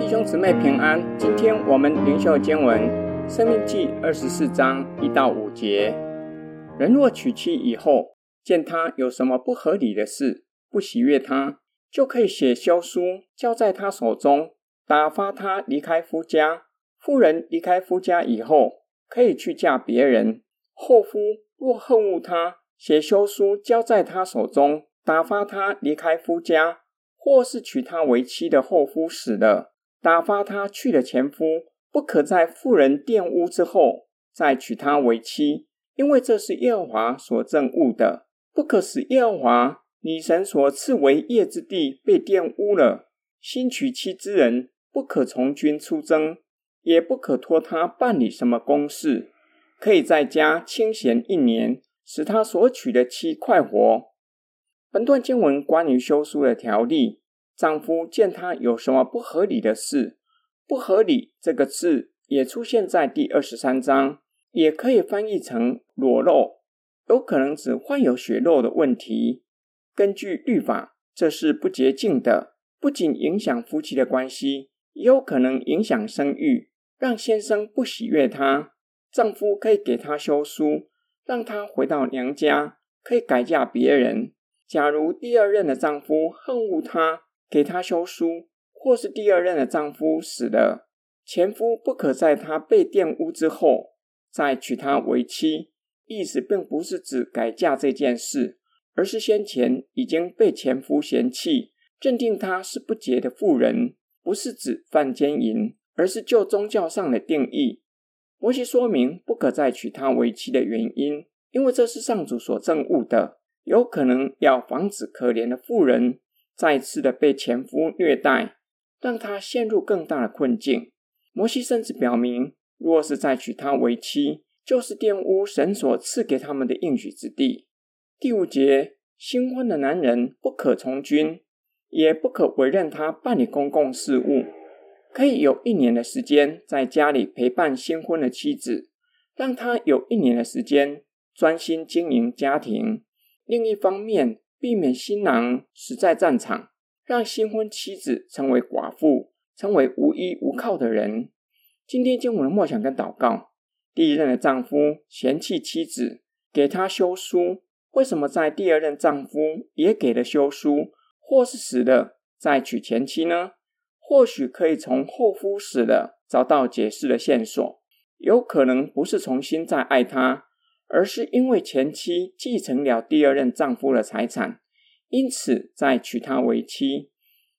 弟兄姊妹平安，今天我們靈修經文《申命記》二十四章一到五節。人若娶妻以後，見他有什麼不合理的事，不喜悅他，就可以寫休書，交在他手中，打發他離開夫家。婦人離開夫家以後，可以去嫁別人。後夫若恨惡他，寫休書交在他手中打發他離開夫家夫人離開夫家以後可以去嫁別人後夫若恨惡他寫休書交在他手中打發他離開夫家，或是娶她為妻的後夫死了，打發他去的前夫，不可在婦人玷污之後再娶她為妻，因為這是耶和華所憎惡的，不可使耶和華女神所賜為業之地被玷污了。新娶妻之人不可從軍出征，也不可托他辦理什麼公事，可以在家清閒一年，使他所娶的妻快活。本段經文關於休書的條例，丈夫見她有什麼不合理的事，不合理這個字也出現在第二十三章，也可以翻譯成裸露，有可能指患有血漏的問題。根據律法，這是不潔淨的，不僅影響夫妻的關係，也有可能影響生育，讓先生不喜悅他。她丈夫可以給她休書，讓她回到娘家，可以改嫁別人。假如第二任的丈夫恨惡她，給她休書；或是第二任的丈夫死了，前夫不可在她被玷污之後再娶她為妻。意思並不是指改嫁這件事，而是先前已經被前夫嫌棄，認定她是不潔的婦人，不是指犯姦淫，而是就宗教上的定義，摩西說明不可再娶她為妻的原因，因為這是上主所憎惡的。有可能要防止可憐的婦人再次的被前夫虐待，讓他陷入更大的困境。摩西甚至表明，若是再娶她為妻，就是玷污神所賜給他們的應許之地。第五節，新婚的男人不可從軍，也不可委任他辦理公共事務，可以有一年的時間在家裡陪伴新婚的妻子，讓他有一年的時間專心經營家庭。另一方面，避免新郎死在戰場，讓新婚妻子成為寡婦，成為無依無靠的人。今天經文的默想跟禱告，第一任的丈夫嫌棄妻子，給她休書，為什麼在第二任丈夫也給了休書，或是死了再娶前妻呢？或許可以從後夫死了找到解釋的線索，有可能不是重新再愛她。而是因為前妻繼承了第二任丈夫的財產，因此再娶她為妻。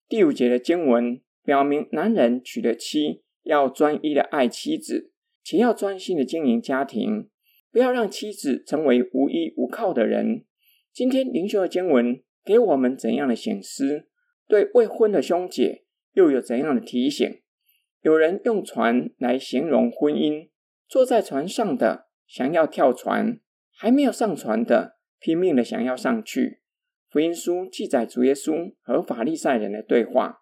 第五節的經文表明，男人娶了妻要專一的愛妻子，且要專心的經營家庭，不要讓妻子成為無依無靠的人。今天靈修的經文給我們怎樣的省思？對未婚的兄姐又有怎樣的提醒？有人用船來形容婚姻，坐在船上的。想要跳船，還沒有上船的，拼命的想要上去。福音書記載主耶穌和法利賽人的對話。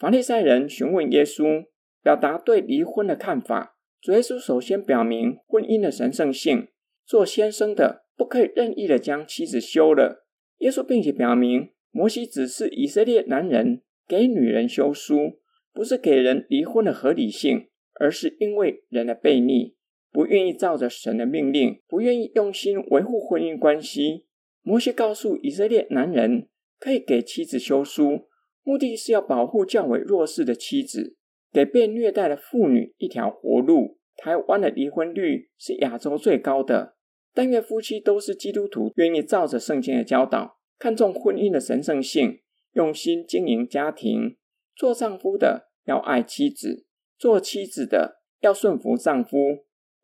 法利賽人詢問耶穌，表達對離婚的看法。主耶穌首先表明婚姻的神聖性，做先生的不可以任意的將妻子休了。耶穌並且表明，摩西指示以色列男人給女人休書，不是給人離婚的合理性，而是因為人的悖逆。不願意照着神的命令，不願意用心維護婚姻關係。摩西告訴以色列男人，可以給妻子休書，目的是要保護較為弱勢的妻子，給被虐待的婦女一條活路。台灣的離婚率是亞洲最高的，但願夫妻都是基督徒，願意照着聖經的教導，看重婚姻的神聖性，用心經營家庭。做丈夫的要愛妻子，做妻子的要順服丈夫。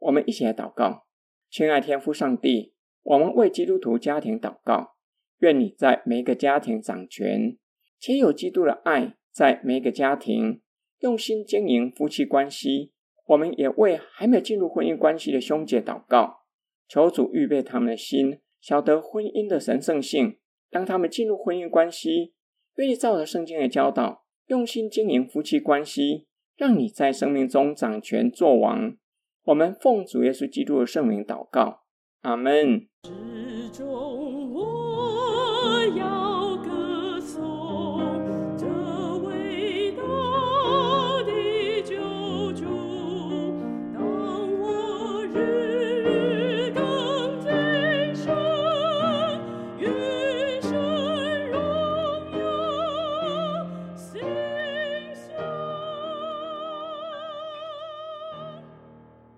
我們一起來禱告，親愛天父上帝，我們為基督徒家庭禱告，願你在每一個家庭掌權，且有基督的愛在每一個家庭用心經營夫妻關係。我們也為還沒有進入婚姻關係的兄姐禱告，求主預備他們的心，曉得婚姻的神聖性，讓他們進入婚姻關係，願意照着聖經的教導用心經營夫妻關係，讓你在生命中掌權作王。我們奉主耶穌基督的聖名禱告，阿門。